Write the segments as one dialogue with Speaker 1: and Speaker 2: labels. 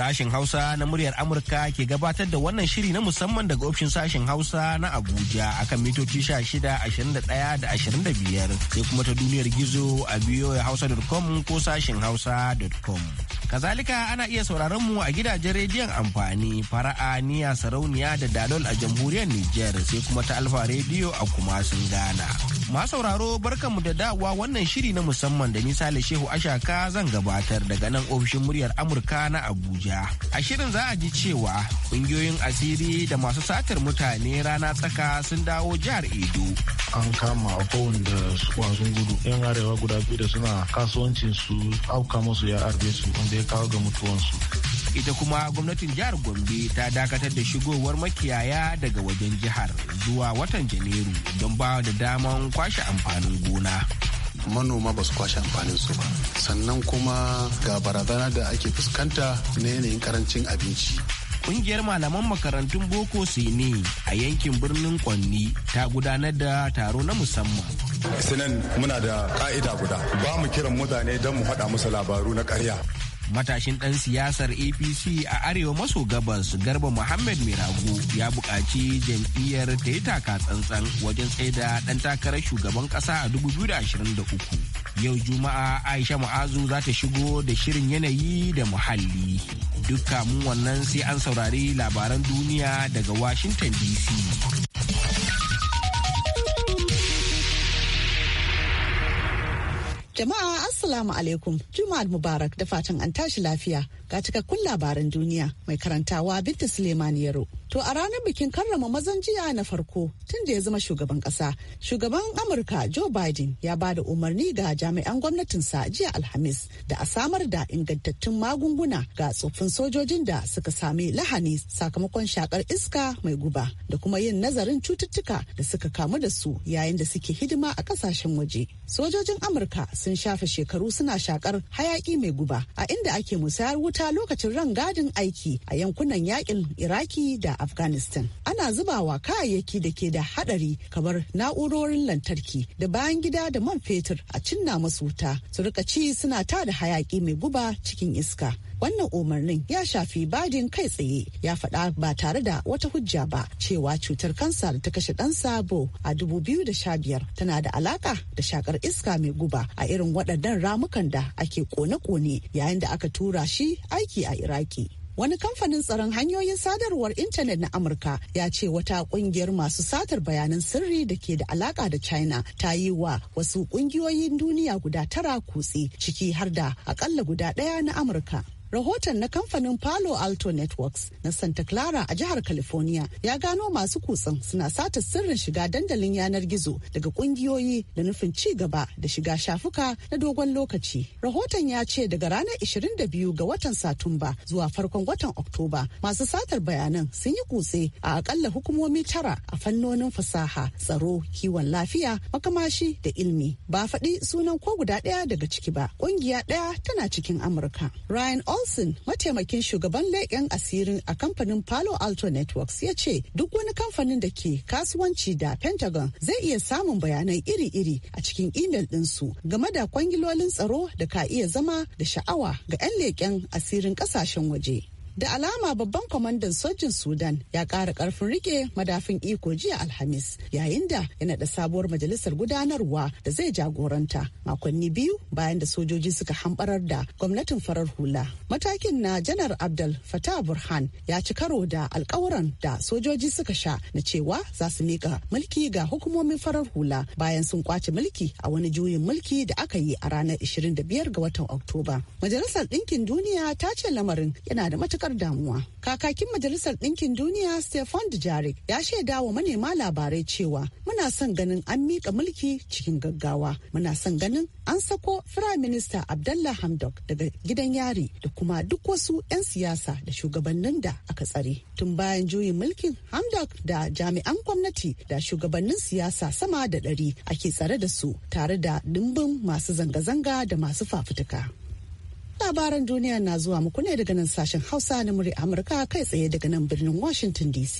Speaker 1: Sashen Hausa na muryar Amurka ke gabatar da wannan shiri na musamman daga ofishin sashen Hausa na Abuja akan mitoci 16, 21 da da biyar sai kuma ta duniyar gizo a com ko sashen hausa.com. Kazalika ana iya sauraron mu a gidajen rediyon amfani fara'a niya sarauniya da dalol a jamhuriyar Nijar sai kuma ta Alfa rediyo a kuma sun Ghana. Ma sauraro barkanmu da dawa wannan shiri na musamman da misali Shehu Ashaka zan gabatar daga nan ofishin muryar Amurka na Abuja. A shirin za a ji cewa ƙungiyoyin asiri da masu satar mutane rana tsaka
Speaker 2: sun dawo jihar Edo. An kama da su gudu yan arewa guda biyu da suna kasuwancin su auka musu ya arbe su wanda ya kawo ga mutuwansu.
Speaker 1: ita kuma gwamnatin jihar gombe ta dakatar da shigowar makiyaya daga wajen jihar zuwa
Speaker 3: watan janairu don ba da daman kwashe amfanin gona manoma ba su kwashe amfanin su ba sannan kuma ga barazana da ake fuskanta na yanayin karancin abinci ƙungiyar malaman makarantun boko Sine a yankin birnin kwanni
Speaker 1: ta gudanar da taro na musamman
Speaker 4: sinan muna da ka'ida guda ba mu kiran mutane don mu faɗa musu labaru na ƙarya
Speaker 1: matashin ɗan siyasar apc a arewa maso gabas garba muhammad miragu ya buƙaci jam'iyyar ta yi taka tsantsan wajen tsaida ɗan takarar shugaban ƙasa a 2023 yau juma'a aisha ma'azu za ta shigo da shirin yanayi da muhalli duk kamun wannan sai an saurari labaran duniya daga washington dc
Speaker 5: Jama'a Assalamu alaikum Juma'ar Mubarak da fatan an tashi lafiya ga cikakkun labaran duniya mai karantawa Binta Suleiman Yaro. To a ranar bikin karrama mazan jiya na farko tun da ya zama shugaban kasa, shugaban Amurka Joe Biden ya ba da umarni ga jami'an gwamnatin sa jiya Alhamis da a samar da ingantattun magunguna ga tsoffin sojojin da suka sami lahani sakamakon shakar iska mai guba da kuma yin nazarin cututtuka da suka kamu da su yayin da suke hidima a kasashen waje. Sojojin Amurka sun sun shafe shekaru suna shakar hayaki mai guba a inda ake musayar wuta lokacin rangadin aiki a yankunan yakin Iraki da Afghanistan. Ana zubawa kayayyaki da ke da hadari kamar na'urorin lantarki da bayan gida da man fetur a cinna masu wuta su rika ci suna tada hayaki mai guba cikin iska. wannan umarnin ya shafi badin kai tsaye ya faɗa ba tare da wata hujja ba cewa cutar kansa da ta kashe ɗan sabo a 2015 tana da alaka da shakar iska mai guba a irin waɗannan ramukan da ake kone-kone yayin da aka tura shi aiki a iraki wani kamfanin tsaron hanyoyin sadarwar intanet na amurka ya ce wata kungiyar masu satar bayanan sirri da ke da alaka da china ta yi wa wasu kungiyoyin duniya guda tara kutse ciki har da akalla guda ɗaya na amurka Rahoton na kamfanin Palo Alto Networks na Santa Clara a jihar California ya gano masu kutsen suna sata sirrin shiga dandalin yanar gizo daga kungiyoyi da nufin ci gaba da shiga shafuka na dogon lokaci. Rahoton ya ce daga ranar 22 ga watan Satumba zuwa farkon watan Oktoba masu satar bayanan sun yi kutse a akalla hukumomi tara a fannonin fasaha, tsaro, kiwon lafiya, makamashi da ilmi. Ba faɗi sunan ko guda ɗaya daga ciki ba. Ƙungiya ɗaya tana cikin Amurka. Ryan Olson mataimakin shugaban leƙen asirin a kamfanin Palo Alto Networks ya ce duk wani kamfanin da ke kasuwanci da Pentagon zai iya samun bayanai iri-iri a cikin imel ɗinsu game da kwangilolin tsaro da ka iya zama da sha'awa ga 'yan leƙen asirin ƙasashen waje. da alama babban kwamandan sojin sudan ya kara karfin rike madafin iko jiya alhamis yayin da ya naɗa sabuwar majalisar gudanarwa da zai jagoranta makonni biyu bayan da sojoji suka hambarar da gwamnatin farar hula matakin na janar abdul fatah burhan ya ci karo da alkawuran da sojoji suka sha na cewa za su mika mulki ga hukumomin farar hula bayan sun kwace mulki a wani juyin mulki da aka yi a ranar 25 ga watan oktoba majalisar ɗinkin duniya ta ce lamarin yana da matukar matukar damuwa. Kakakin Majalisar Ɗinkin Duniya Stefan Dujarric ya shaida wa manema labarai cewa muna son ganin an miƙa mulki cikin gaggawa. Muna son ganin an sako Firayim Minista Abdallah Hamdok daga gidan yari da kuma duk wasu 'yan siyasa da shugabannin da aka tsare. Tun bayan juyin mulkin Hamdok da jami'an gwamnati da shugabannin siyasa sama da ɗari ake tsare da su tare da dimbin masu zanga-zanga da masu fafutuka. labaran duniya na zuwa muku ne daga nan sashen hausa na murya amurka kai tsaye daga nan birnin washington dc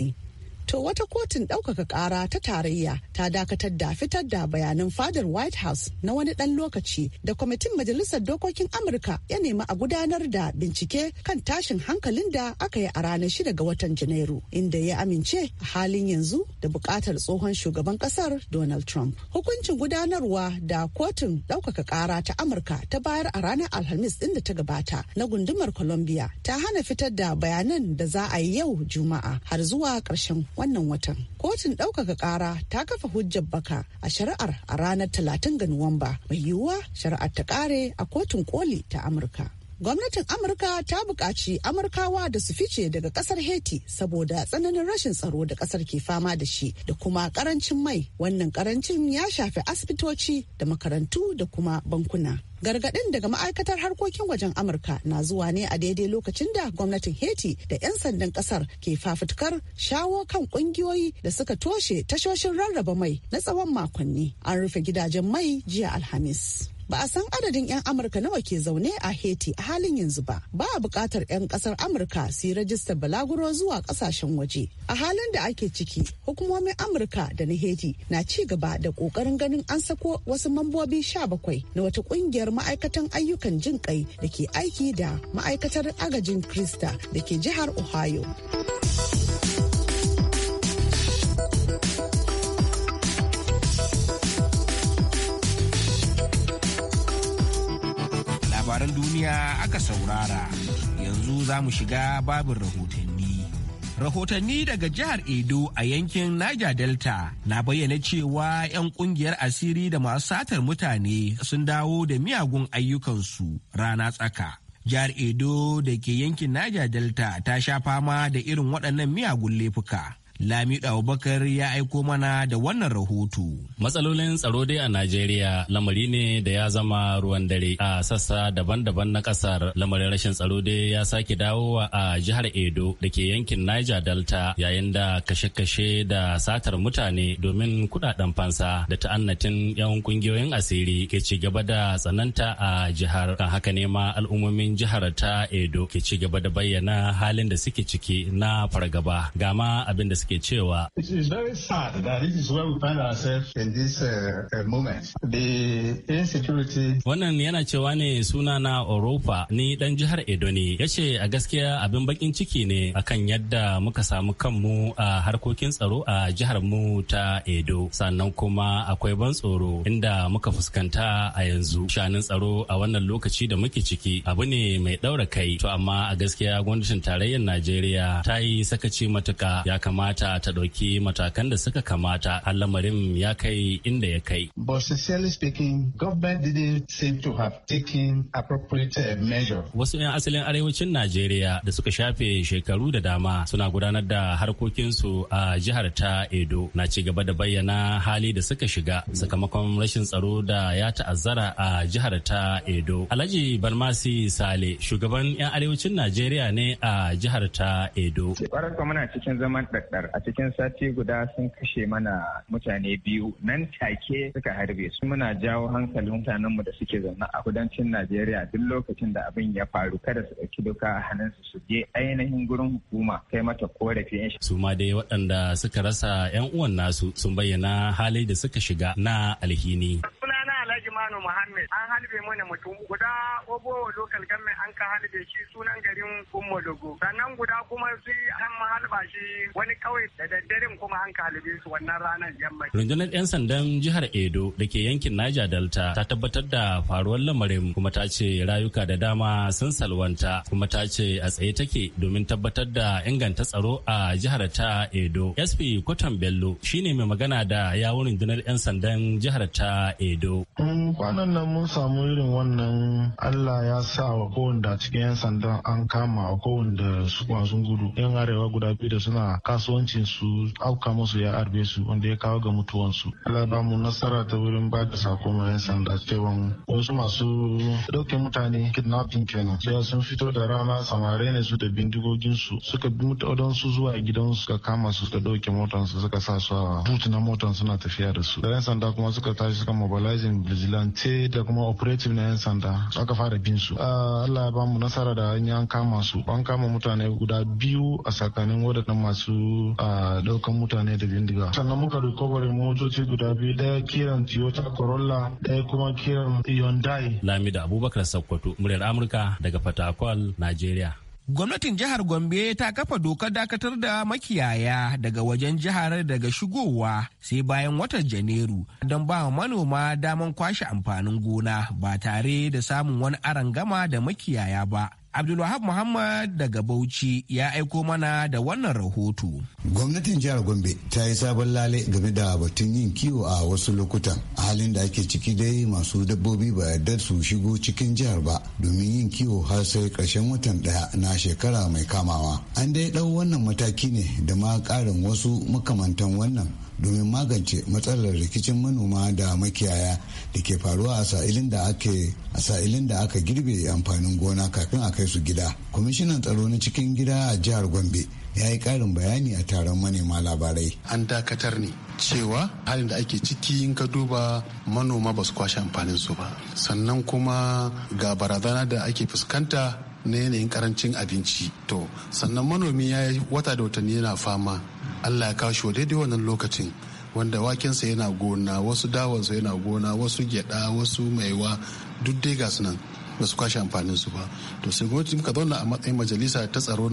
Speaker 5: To wata kotun ɗaukaka ƙara ta tarayya ta dakatar da fitar da bayanan fadar White House na wani ɗan lokaci da kwamitin Majalisar Dokokin Amurka ya nemi a gudanar da bincike kan tashin hankalin da aka yi a ranar shida ga watan Janairu inda ya amince a halin yanzu da buƙatar tsohon shugaban ƙasar Donald Trump. Hukuncin gudanarwa da kotun ɗaukaka ƙara ta Amurka ta bayar a ranar Alhamis ɗin da ta gabata na gundumar Columbia ta hana fitar da bayanan da za a yi yau Juma'a har zuwa ƙarshen wannan watan kotun ɗaukaka ƙara ta kafa hujjar baka a shari'ar a ranar 30 ga nuwamba mai yiwuwa shari'ar ta ƙare a kotun koli ta amurka gwamnatin amurka ta buƙaci amurkawa da su fice daga ƙasar haiti saboda tsananin rashin tsaro da ƙasar ke fama da shi da kuma ƙarancin mai wannan ƙarancin ya shafi asibitoci da makarantu da kuma bankuna gargaɗin daga ma'aikatar harkokin wajen amurka na zuwa ne a daidai lokacin da gwamnatin haiti da 'yan sandan ƙasar ke fafutukar shawo kan ƙungiyoyi da suka toshe tashoshin rarraba mai na tsawon makonni an rufe gidajen mai jiya alhamis ba a san adadin 'yan amurka nawa ke zaune a haiti a halin yanzu ba ba a bukatar 'yan ƙasar amurka su yi rajistar balaguro zuwa ƙasashen waje a halin da ake ciki hukumomin amurka da na haiti na ci gaba da ƙoƙarin ganin an sako wasu mambobi sha bakwai na wata ƙungiyar ma'aikatan ayyukan jin kai da ke aiki da ma'aikatar agajin krista da ke jihar ohio
Speaker 1: labaran duniya aka saurara. Yanzu za mu shiga babin rahotanni. Rahotanni daga jihar Edo a yankin Niger Delta na bayyana cewa 'yan kungiyar asiri da masu satar mutane sun dawo da miyagun ayyukansu rana tsaka. Jihar Edo da ke yankin Niger Delta ta sha fama da irin waɗannan miyagun laifuka. Lami Abubakar ya aiko mana da wannan rahoto.
Speaker 6: Matsalolin tsaro dai a Najeriya lamari ne da ya zama ruwan dare a sassa daban-daban na kasar lamarin rashin tsaro dai ya sake dawowa a jihar Edo da ke yankin Niger Delta yayin da kashe-kashe da satar mutane domin kudaden fansa da ta'annatin 'yan kungiyoyin asiri ke ci gaba da tsananta a jihar kan haka ne ma al'ummomin jihar ta Edo ke ci gaba da bayyana halin da suke ciki na fargaba gama abin da suke ke cewa.
Speaker 7: It is very sad that this
Speaker 8: is find ourselves in this uh, uh, moment. The insecurity.
Speaker 6: Wannan yana cewa ne suna na Oropa ni dan jihar Edo ne. Ya ce a gaskiya abin bakin ciki ne akan yadda muka samu kanmu a harkokin tsaro a jihar mu ta Edo. Sannan kuma akwai ban tsoro inda muka fuskanta a yanzu. shanun tsaro a wannan lokaci da muke ciki abu ne mai daura kai. To amma a gaskiya gwamnatin tarayyar Najeriya ta yi sakaci matuka ya kamata kamata ta ɗauki matakan da suka kamata har lamarin ya kai inda ya kai.
Speaker 2: But sincerely speaking, government didn't seem to
Speaker 6: have taken appropriate uh, measure. Wasu 'yan asalin arewacin Najeriya da suka shafe shekaru da dama suna gudanar da harkokinsu a jihar ta Edo na ci gaba da bayyana hali da suka shiga sakamakon rashin tsaro da ya ta'azzara a jihar ta Edo. Alhaji Barmasi Sale shugaban 'yan arewacin Najeriya ne a jihar ta Edo.
Speaker 8: Kwarar muna cikin zaman ɗaɗɗar a cikin sati guda sun kashe mana mutane biyu nan take suka harbe su muna jawo hankalin mutanenmu da suke zaune a kudancin najeriya duk lokacin da abin ya faru kada su ɗauki doka a hannunsu su je ainihin
Speaker 6: gurin hukuma kai mata korafi su ma dai waɗanda suka rasa 'yan uwan nasu sun bayyana halin da suka shiga na alhini.
Speaker 1: Alhaji mano Muhammad an halbe mana
Speaker 8: mutum guda Obowo local government an ka halbe shi sunan garin Ummadogo sannan guda kuma su an halba shi wani kauye da daddaren kuma an ka halbe su wannan ranar yamma.
Speaker 6: Rundunar 'yan sandan jihar Edo da ke yankin Niger Delta ta tabbatar da faruwar lamarin kuma ta ce rayuka da dama sun salwanta kuma ta ce a tsaye take domin tabbatar da inganta tsaro a jihar ta Edo. SP Kwatan Bello shine mai magana da yawun rundunar 'yan sandan jihar ta Edo.
Speaker 2: tun kwanan nan mun samu irin wannan allah ya sa wa kowanda cikin yan sandan an kama wa kowanda su sun gudu yan arewa guda biyu da suna kasuwancin su auka musu ya arbe su wanda ya kawo ga mutuwansu allah ba mu nasara ta wurin ba da sako ma yan sanda cewa wasu masu dauke mutane kidnapping kenan cewa sun fito da rana samare ne su da bindigogin su suka bi su zuwa su. suka kama su suka motan su suka sa su a but na motan suna tafiya da su da yan sanda kuma suka tashi suka mobilizing vigilante da kuma operative na 'yan sanda aka fara bin su ah, allah ya bamu nasara da an kama su an kama mutane guda biyu a tsakanin waɗannan masu ah, ɗaukan mutane da bindiga sannan muka recover motoci guda biyu daya kiran toyota corolla daya kuma kiran hyundai lamida
Speaker 6: abubakar sakkwato muryar amurka daga fatakwal nigeria
Speaker 2: Gwamnatin jihar Gombe
Speaker 1: ta kafa dokar dakatar da makiyaya daga wajen jihar daga shigowa sai bayan watan Janairu don ba manoma daman kwashe amfanin gona ba tare da samun wani arangama da makiyaya ba Abdulwahab Muhammad daga Bauchi ya aiko mana da wannan rahoto. Gwamnatin jihar Gombe ta yi sabon lale game da
Speaker 8: batun yin kiwo a wasu lokutan. halin da ake ciki dai masu dabbobi ba yarda su shigo cikin jihar ba domin yin kiwo har sai ƙarshen watan ɗaya na shekara mai kamawa. An dai ɗau wannan mataki ne da ma ƙarin wasu makamantan wannan domin magance matsalar rikicin manoma da makiyaya da ke faruwa a sa'ilin da ake a da aka girbe amfanin gona kafin a kai su gida kwamishinan tsaro na cikin gida a jihar
Speaker 3: gombe ya yi karin bayani a taron manema labarai an dakatar ne cewa halin da ake ciki in ka duba manoma ba su kwashe amfanin su ba sannan kuma ga barazana da ake fuskanta na yanayin karancin abinci to sannan manomi ya yi wata da watanni yana fama allah ya kawo daidai wannan lokacin wanda wakensa yana gona wasu dawansa yana gona wasu gyada wasu maiwa duk dai ga nan ba su kwashe amfanin su ba to sai gwamnati muka zauna a matsayin majalisa ta tsaro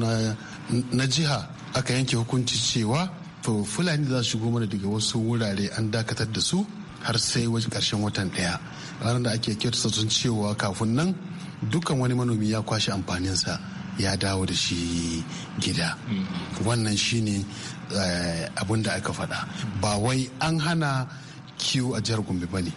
Speaker 3: na jiha aka yanke hukunci cewa to fulani za su shigo mana daga wasu wurare an dakatar da su har sai karshen watan daya ranar da ake kyautata sun cewa kafin nan dukkan wani manomi ya kwashe amfaninsa ya dawo da shi gida mm-hmm. wannan shine eh, abin da aka faɗa ba wai an hana kiwo a jihar gombe ba ne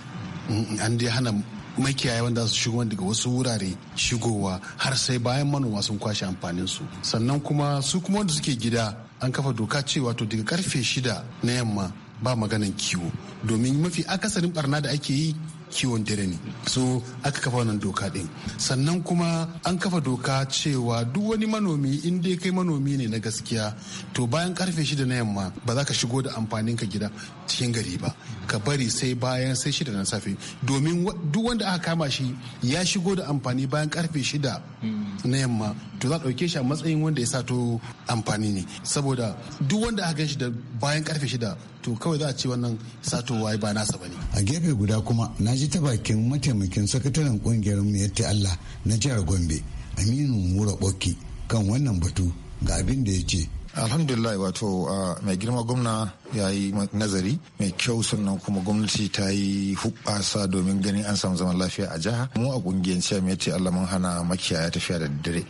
Speaker 3: an dai hana makiyaya wanda su shigo daga wasu wurare shigowa har sai bayan manoma sun kwashe su. sannan kuma su kuma wanda suke gida an kafa doka cewa to daga karfe shida na yamma ba maganan kiwo domin mafi akasarin barna da ake yi kiwon dare ne so aka kafa wannan doka din sannan kuma an kafa doka cewa duk wani manomi in dai kai manomi ne na gaskiya to bayan karfe shida na yamma ba za ka shigo da amfanin ka gida cikin gari ba ka bari sai bayan sai shida na safe domin duk wanda aka kama shi ya shigo da amfani bayan karfe shida na yamma to za a ɗauke shi a matsayin wanda ya sato amfani ne saboda duk wanda aka shi da bayan karfe shida to kawai za a ce wannan satowa ba nasa ba ne a gefe guda kuma na ji ta bakin mataimakin sakataren kungiyar
Speaker 8: miyatti Allah na jihar Gombe Aminu Mura Boki kan wannan batu ga
Speaker 4: abin da ya ce.
Speaker 9: Alhamdulillah wato mai girma gwamna ya yi nazari mai kyau sannan kuma gwamnati ta yi hubbasa domin ganin an samu zaman lafiya a jiha. Mu a ce mai ce Allah mun hana makiyaya tafiya da dare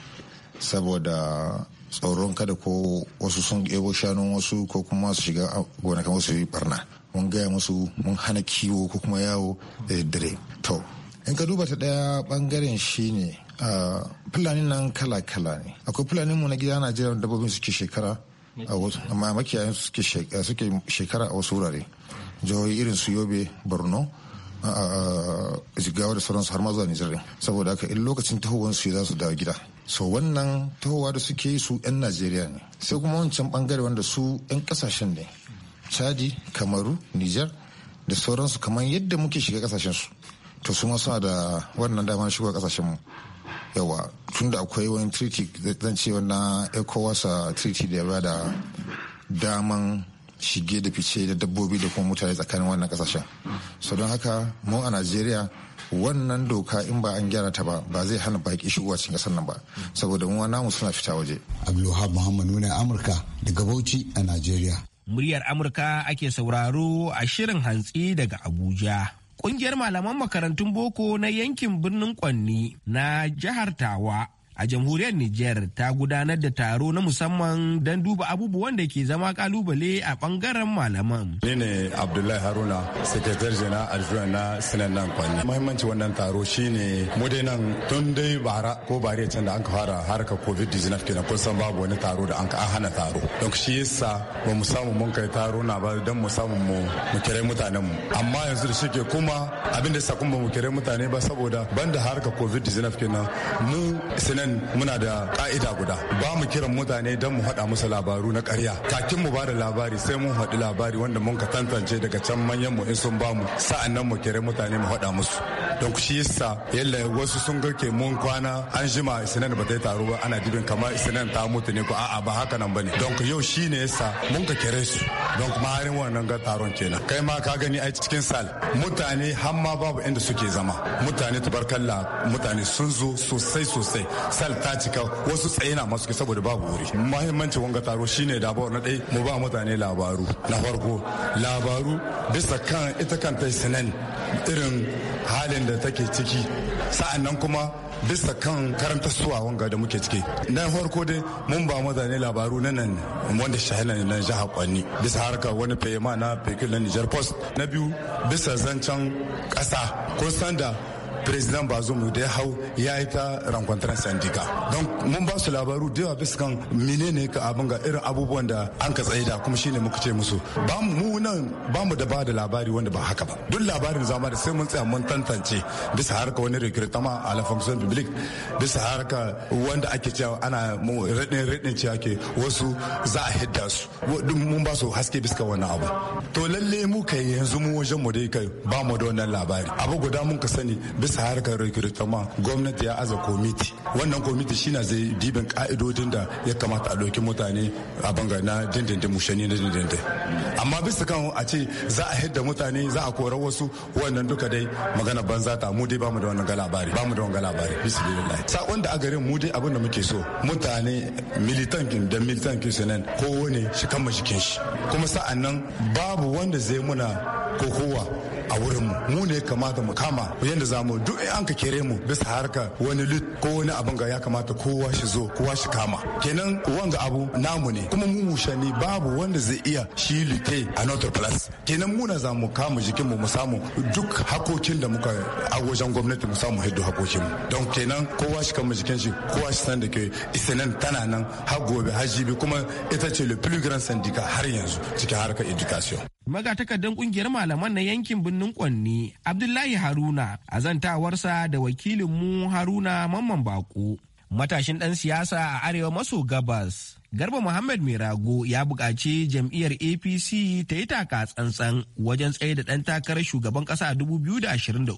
Speaker 9: saboda tsoron kada ko wasu sun ebo shanun wasu ko kuma su shiga gonakan wasu yi barna. mun gaya musu mun hana kiwo ko kuma yawo da dare. to in ka duba ta daya bangaren shine fulani nan kala-kala ne akwai fulani mu na gida najeriya dabbobin suke shekara a wasu amma makiyayan suke shekara a wasu wurare jihohi irin su yobe borno jigawa da sauransu har ma zuwa nijar saboda haka in lokacin tahowar su za su dawo gida so wannan tahowa da suke yi su 'yan najeriya ne sai kuma wancan bangare wanda su 'yan kasashen ne chadi kamaru niger da sauransu kamar yadda muke shiga kasashen su to su suna da wannan dama shigo kasashen mu yawa tun da akwai wani treaty zan ce na ecowas treaty da ya da daman shige da fice da dabbobi da kuma mutane tsakanin wannan kasashen so don haka mu a najeriya wannan doka in ba an gyara ta ba ba zai hana baki shigowa cikin kasar nan ba saboda mu namu suna fita waje abdulwahab muhammad nuna amurka daga bauchi a najeriya
Speaker 1: Muryar Amurka ake sauraro a shirin hantsi daga Abuja. Ƙungiyar malaman makarantun boko na yankin birnin Kwanni na jihar Tawa a jamhuriyar Nijar ta gudanar da taro na musamman don duba abubuwan da ke zama kalubale a bangaren malaman.
Speaker 4: Ni ne Abdullahi Haruna, sekretar jana adjuwa na sinan nan kwanne. Muhimmanci wannan taro shine mu dai nan tun dai bara ko bare can da an ka fara harkar COVID-19 kenan kun san babu wani taro da an ka hana taro. Don shi yasa ba mu samu mun kai taro na ba don mu samu mu mu kire mutanen mu. Amma yanzu da shike kuma abin da sa kuma mu kira mutane ba saboda banda harkar COVID-19 kenan mu sinan nan muna da ka'ida guda ba mu kiran mutane don mu faɗa musu labaru na ƙarya kakin mu ba da labari sai mun faɗi labari wanda mun ka tantance daga can manyan mu in sun ba mu sa'annan mu kira mutane mu faɗa musu don shi yasa yalla wasu sun garke mun kwana an jima isinan ba zai yi taro ba ana dibin kamar isinan ta mutu ne ko a'a ba haka nan bane don yau shi ne yasa mun ka kire su don kuma harin wannan ga taron kenan kai ma ka gani ai cikin sal mutane har ma babu inda suke zama mutane tabarkalla mutane sun zo sosai sosai sal ta cika wasu tsaye na masu saboda babu wuri mahimmancin wanga taro shine dabar na dai mu ba mutane labaru na farko labaru bisa kan ita kanta sinan irin halin da take ciki sa'annan kuma bisa kan karanta suwa wanga da muke ciki na farko dai mun ba mutane labaru na nan wanda shahila ne nan jihar kwanni bisa harkar wani fayyama na fekin na niger post na biyu bisa zancen kasa kun san da president bazum da ya hau ya yi ta rankwantar sandika don mun ba su labaru da yawa bisa kan menene ka abin ga irin abubuwan da an ka tsaye da kuma shine muka ce musu ba mu nan ba mu da ba da labari wanda ba haka ba duk labarin zama da sai mun tsaya mun tantance bisa harka wani rikirtama a la fonction public bisa harka wanda ake cewa ana mu raɗin raɗin cewa ke wasu za a hidda su mun ba su haske bisa wannan abu to lalle mu kai yanzu mu wajen mu dai kai ba mu da wannan labari abu guda mun ka sani bisa sa harkar rikirtama gwamnati ya aza komiti wannan komiti shi na zai diban ka'idodin da ya kamata a ɗauki mutane a banga na dindindin mushani na dindindin amma bisa kan a ce za a hidda mutane za a kora wasu wannan duka dai magana banza ta mu dai bamu da wannan labari bamu da wannan labari bismillah sakon da a garin mu dai abin da muke so mutane militantin da militantin nan kowane shi kan mashikin shi kuma sa'annan babu wanda zai muna kokowa a wurin mu mu ne kamata mu kama yadda za mu duk an ka kere mu bisa harka wani lit ko wani abin ga ya kamata kowa shi zo kowa shi kama kenan wanga abu namu ne kuma mu ne babu wanda zai iya shi lite a notre place kenan muna za mu kama jikin mu samu duk hakokin da muka a wajen gwamnati mu samu hiddu hakokin mu don kenan kowa shi kama jikin shi kowa shi san da ke isinan tana nan har gobe har jibi kuma ita ce le plus grand syndicat har yanzu cikin harkar education
Speaker 1: magatakardar kungiyar malaman na yankin birnin kwanni abdullahi haruna a zantawarsa da wakilinmu haruna mamman bako matashin ɗan siyasa a arewa maso gabas garba muhammad mirago ya buƙaci jam'iyyar apc ta yi taka tsantsan wajen tsaye da ɗan takarar shugaban ƙasa a 2023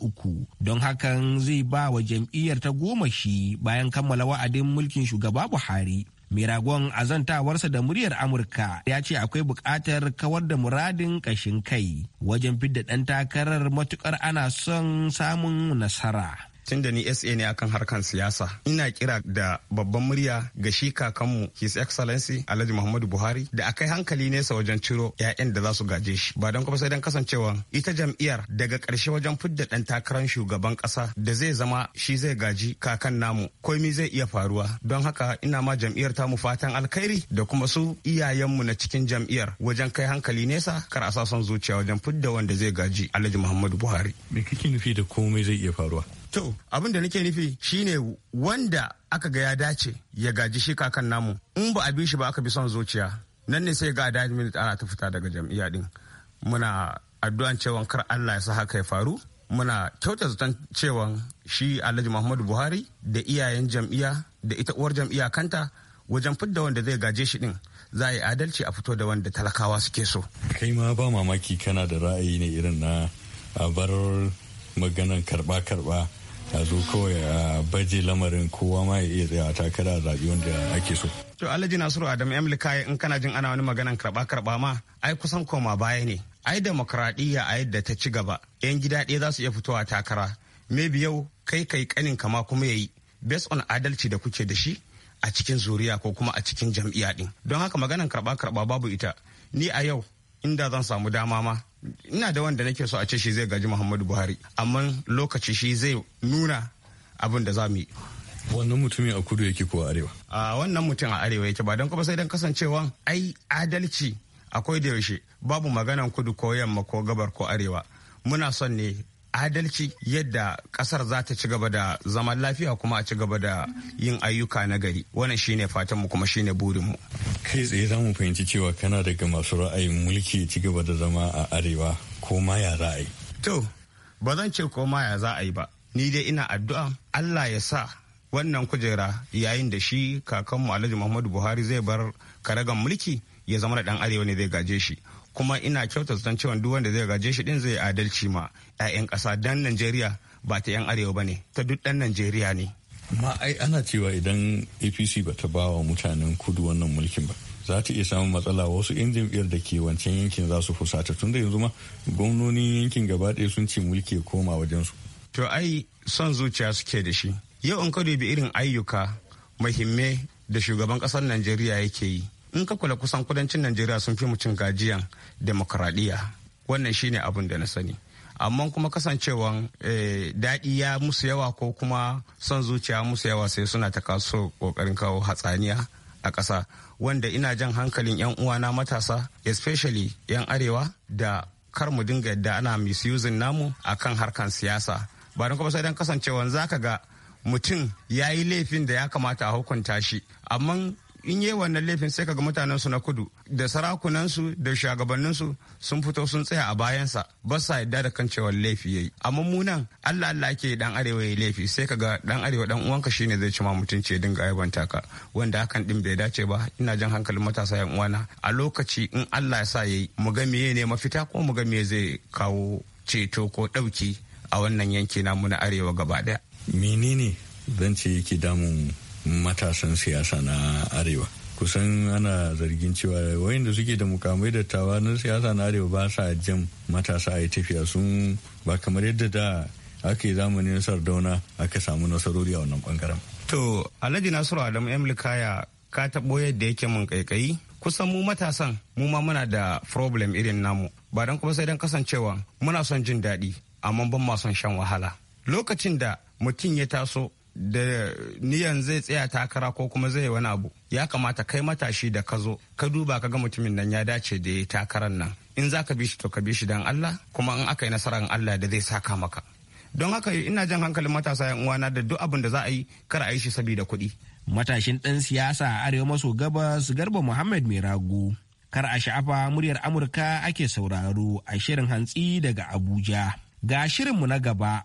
Speaker 1: don hakan zai ba wa jam'iyyar ta goma shi bayan kammala wa'adin mulkin shugaba buhari Miragon ragon azantawarsa da muryar amurka ya ce akwai buƙatar kawar da muradin ƙashin kai wajen fidda ɗan takarar matukar ana son samun nasara
Speaker 8: tun da ni SA ne akan harkan siyasa ina kira da babban murya ga shi kakanmu His Excellency Alhaji Muhammadu Buhari da akai hankali nesa wajen ciro 'ya'yan da za su gaje shi ba don kuma sai don kasancewa ita jam'iyyar daga karshe wajen fidda ɗan takarar shugaban kasa da zai zama shi zai gaji kakan namu komi zai iya faruwa don haka ina ma jam'iyyar mu fatan alkhairi da kuma su iyayenmu na cikin jam'iyyar wajen kai hankali nesa kar a sa son zuciya wajen fidda wanda zai gaji Alhaji Muhammadu Buhari. Me kake nufi da komai zai iya faruwa? To, abin da nake nufi shine wanda aka ga ya dace ya gaji shi kakan namu. In ba a bi shi ba aka bi son zuciya. Nan ne sai ga da ana ta fita daga jam'iyya din. Muna addu'an cewa kar Allah ya sa haka ya faru. Muna kyauta zaton cewa shi Alhaji Muhammadu Buhari da iyayen jam'iyya da ita uwar jam'iyya kanta wajen fidda wanda zai gaje shi din za a yi adalci a fito da wanda talakawa suke so. Kai ma ba mamaki kana da ra'ayi ne irin na bar maganan karba-karba a zo kawai a baje lamarin kowa ma ya iya tsayawa takara zaɓi wanda ake so. To Alhaji Nasiru Adam mulka in kana jin ana wani maganan karɓa-karɓa ma ai kusan koma baya ne. Ai demokradiyya a yadda ta ci gaba 'yan gida ɗaya za su iya fitowa takara. Maybe yau kai kai kanin kama kuma yayi based on adalci da kuke da shi a cikin zuriya ko kuma a cikin jam'iyya ɗin Don haka maganan karɓa-karɓa babu ita. Ni a yau inda zan samu dama ma ina da wanda nake so a ce shi zai gaji muhammadu buhari amma lokaci shi zai nuna abin da za mu yi wannan mutumin a kudu yake ko arewa a wannan mutum a arewa yake ba don kuma sai don kasancewa ai adalci akwai da yaushe babu maganan kudu ko yamma ko gabar ko arewa muna son ne adalci yadda kasar za ta ci gaba da zaman lafiya kuma a ci gaba da yin ayyuka na gari wannan shine fatan mu kuma shine burin mu kai tsaye za mu fahimci cewa kana daga masu ra'ayin mulki ci gaba da zama a arewa ko ma ya ra'ayi to ba zan ce ko ma ya za a yi ba ni dai ina addu'a Allah ya sa wannan kujera yayin da shi kakanmu Alhaji Muhammadu Buhari zai bar karagan mulki ya zama da dan arewa ne zai gaje shi kuma ina kyauta zaton cewa duk wanda zai gaje shi din zai adalci ma 'ya'yan ƙasa dan Najeriya ba ta 'yan arewa ba ne ta duk dan Najeriya ne. amma ai ana cewa idan apc ba ta ba wa mutanen kudu wannan mulkin ba za ta iya samun matsala wasu yan jam'iyyar da ke wancan yankin za su fusata tunda yanzu ma gwamnonin yankin gaba ɗaya sun ce mulki koma wajen su. to ai son zuciya suke da shi yau in ka bi irin ayyuka muhimmai da shugaban kasar najeriya yake yi in ka kula kusan kudancin najeriya sun fi mutum gajiyan demokradiyya wannan shine abin da na sani amma kuma kasancewan eh, daɗi ya musu yawa ko kuma son zuciya musu yawa sai suna ta kaso kokarin kawo hatsaniya a ƙasa wanda ina jan hankalin 'yan uwana matasa especially 'yan arewa da kar mu dinga yadda ana misusing namu akan harkan siyasa ba don kuma sai don kasancewan zaka ga mutum ya yi laifin da ya kamata a hukunta shi amma in yi wannan laifin sai kaga mutanen su na kudu da sarakunan su da shugabannin su sun fito sun tsaya a bayansa ba sa yadda da kan cewa laifi yayi amma mu nan Allah Allah ke dan arewa yayi laifi sai kaga dan arewa dan uwanka shine zai ci ma mutunci ya dinga aibanta ka wanda hakan din bai dace ba ina jan hankalin matasa yan uwana a lokaci in Allah ya sa yayi mu ga meye ne mafita ko mu ga meye zai kawo ceto ko dauki a wannan yanki mu na arewa gaba daya menene zan ce yake damun matasan siyasa na arewa kusan ana zargin cewa wayanda suke da mukamai da tawa na siyasa na arewa ba sa jan matasa a tafiya sun ba kamar yadda da aka yi zamanin sardauna aka samu nasarori a wannan bangaren. to alhaji nasiru adamu emily kaya ka taɓo yadda yake mun kaikayi kusan mu matasan mu ma muna da problem irin namu ba don kuma sai don kasancewa muna son jin daɗi amma ban ma son shan wahala lokacin da mutum ya taso da niyan zai tsaya takara ko kuma zai wani abu ya kamata kai matashi da ka zo ka duba ka ga mutumin nan ya dace da ya takarar nan in za ka bi shi to ka bi shi don Allah kuma in aka yi nasarar Allah da zai saka maka don haka ina jan hankalin matasa yan uwana da duk abin
Speaker 1: da za a yi kar a yi shi saboda kuɗi matashin ɗan siyasa a arewa maso gabas garba muhammad mai Rago kar a sha'afa muryar amurka ake sauraro a shirin hantsi daga abuja ga shirinmu na gaba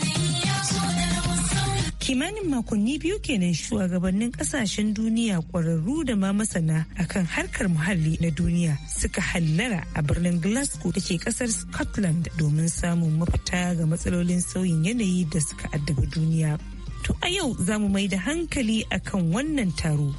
Speaker 7: kimanin makonni biyu kenan shugabannin kasashen duniya kwararru da ma masana akan harkar muhalli na duniya suka hallara a birnin glasgow da ke kasar scotland domin samun mafita ga matsalolin sauyin yanayi da suka addabi duniya to a yau za mu mai da hankali akan wannan taro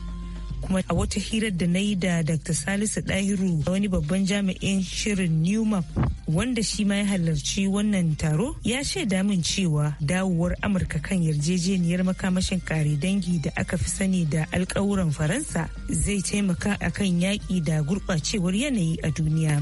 Speaker 7: kuma a wata hirar da na yi da Dr. Salisu Dahiru wani babban jami'in shirin Newmap wanda shi ma ya halarci wannan taro ya shaida min cewa dawowar Amurka kan yarjejeniyar makamashin kare dangi da aka fi sani da alkawuran Faransa zai taimaka akan yaƙi da gurɓacewar yanayi a duniya.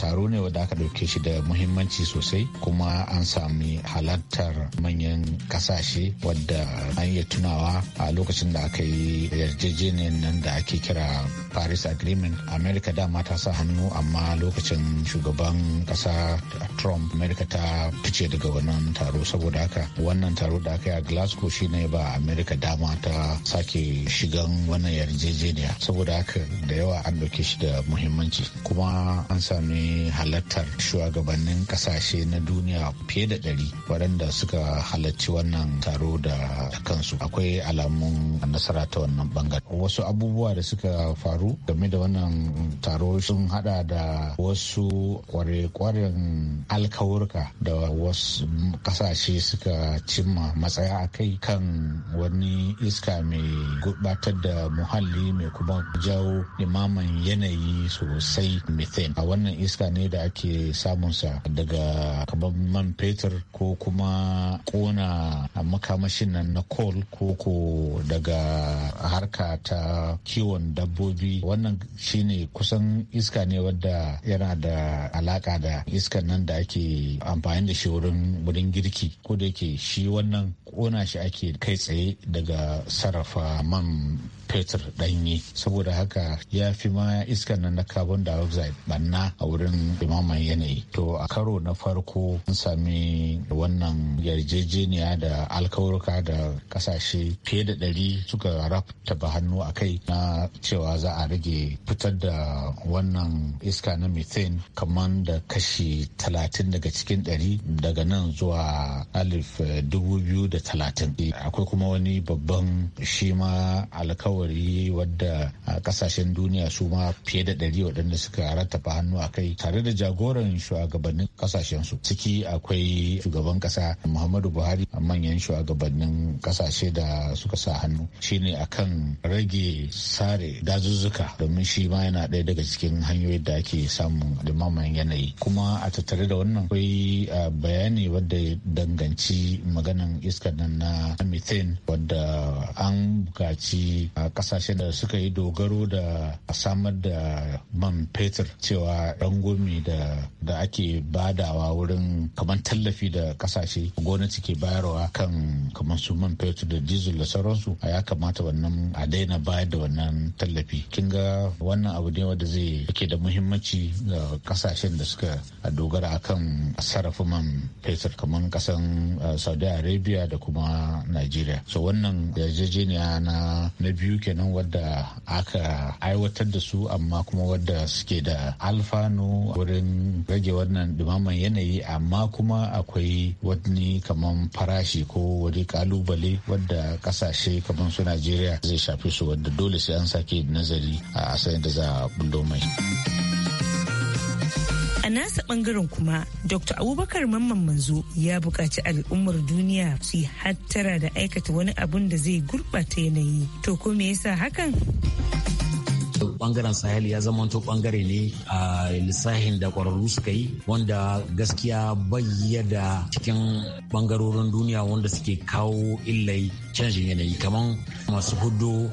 Speaker 10: taro ne wanda aka ɗauke shi da muhimmanci sosai kuma an sami halartar manyan kasashe wadda an iya tunawa a lokacin da aka yi yarjejeniyar nan da ake kira paris agreement america dama ta sa hannu amma lokacin shugaban kasa trump america ta fice daga wannan taro saboda haka wannan taro da aka yi a glasgow shine ba america dama ta sake shigan wannan yarjejeniya saboda haka da yawa an ɗauke shi da muhimmanci kuma an sami halartar shugabannin kasashe na duniya fiye da ɗari waɗanda suka halarci wannan taro da kansu akwai alamun nasara ta wannan bangare wasu abubuwa da suka faru sauraro game da wannan taro sun hada da wasu kware-kwaren alkawurka da wasu kasashe suka cimma matsaya a kai kan wani iska mai gurbatar da muhalli mai kuma jawo limaman yanayi sosai methane a wannan iska ne da ake samunsa daga kamar man fetur ko kuma kona a makamashin nan na coal ko ko daga harka ta kiwon dabbobi wannan shine kusan iska ne wadda yana da alaka da iskan nan da ake amfani da shi wurin wurin girki ko da yake shi wannan kona shi ake kai tsaye daga sarrafa man fetur ɗanye saboda haka ya fi ma iskan nan na carbon dioxide banna a wurin limaman yanayi to a karo na farko an sami wannan yarjejeniya da alkawurka da kasashe fiye da ɗari suka rafta ba hannu a kai na cewa za a a rage fitar da wannan iska na methane kamar da kashi 30 daga cikin 100 daga nan zuwa alif 2030 eh, eh, akwai kuma wani babban shi ma alkawari wadda kasashen duniya su ma fiye da 100 waɗanda suka rattafa hannu a kai tare da jagoran shugabannin kasashen su ciki akwai shugaban kasa muhammadu buhari manyan shugabannin kasashe da suka sa hannu shine akan rage sare dazuzzuka dazuzzuka domin shi ma yana ɗaya daga cikin hanyoyin da ake samun limaman yanayi kuma a tattare da wannan akwai bayani wadda ya danganci maganan iskar nan na methane wadda an buƙaci ƙasashen da suka yi dogaro da samar da man fetur cewa rangomi da ake badawa wurin kamar tallafi da ƙasashe gwamnati ke bayarwa kan kamar su man fetur da diesel da sauransu a ya kamata wannan a daina bayar da wannan tallafi kin ga wannan abu ne wanda zai yake da muhimmanci ga kasashen da suka dogara akan sarrafa man fetur kamar kasan uh, saudi arabia da kuma nigeria so wannan yarjejeniya na na biyu kenan wadda aka aiwatar da su amma kuma wadda suke da alfanu wurin rage wannan dumaman yanayi amma kuma akwai wani kamar farashi ko wani kalubale wadda kasashe kamar su najeriya zai shafi su wadda dole sai an sake nazari a sayan da za a bullo mai.
Speaker 7: A nasa bangaren kuma, Dr. Abubakar Mamman Manzo ya buƙaci al'ummar duniya su yi hattara da aikata wani abun da zai gurɓata yanayi. To ko me yasa hakan?
Speaker 11: bangaren sahel ya zama to bangare ne a lissahin da ƙwararru suka yi wanda gaskiya da cikin bangarorin duniya wanda suke kawo illai canjin yanayi kamar masu hudu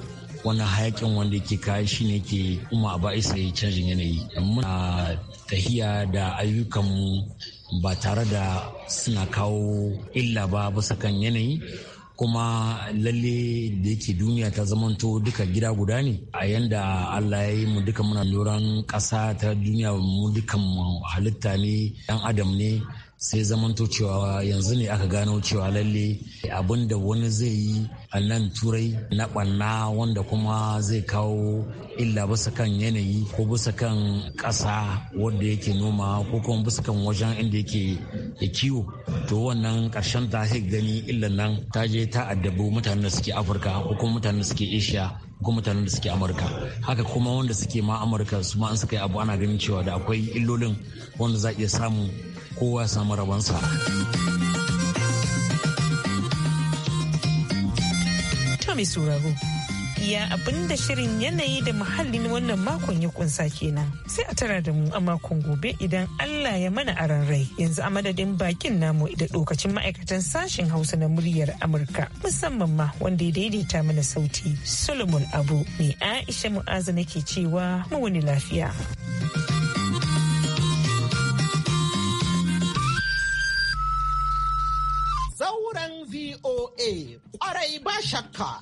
Speaker 11: Wani hayakin wanda ke kaya shi ne ke kuma ba isa canjin yanayi muna tahiya da ayyukanmu ba tare da suna kawo illa ba bisa kan yanayi kuma lalle da yake duniya ta zamanto duka gida guda ne a yanda Allah ya yi mu duka muna loran ƙasa ta duniya mu duka halitta ne Yan adam ne sai zamanto cewa yanzu ne aka gano cewa lalle abin da wani zai yi A nan turai na ɓanna wanda kuma zai kawo illa bisa kan yanayi ko bisa kan ƙasa wanda yake noma ko kuma bisa kan wajen inda yake yakiwo, kiwo to wannan ƙarshen ta gani illa nan ta je ta addabo mutanen da suke afirka ko kuma mutanen da suke asia ko mutanen da suke amurka haka kuma wanda suke ma amurka su ma an suka yi abu ana ganin cewa da akwai illolin wanda za a iya samu kowa ya samu rabansa.
Speaker 7: mai sauraro. Iya abin da shirin yanayi da muhallin wannan makon ya kunsa kenan. Sai a tara da mu a makon gobe idan Allah ya mana aran rai. Yanzu a madadin bakin namu da dokacin ma'aikatan sashen Hausa na muryar Amurka. Musamman ma wanda ya daidaita mana sauti Solomon Abu ne Aisha Mu'azu nake cewa mu wani lafiya. Zauren
Speaker 1: VOA, ƙwarai ba shakka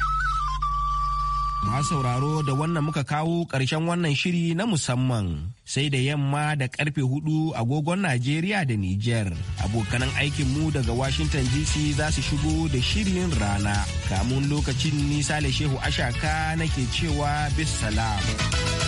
Speaker 1: Masu sauraro da wannan muka kawo ƙarshen wannan shiri na musamman sai da yamma da karfe hudu agogon Najeriya da Nijar. Abokanan aikinmu daga Washington DC za su shigo da shirin rana. Kamun lokacin nisa da Shehu Ashaka nake cewa bis salam.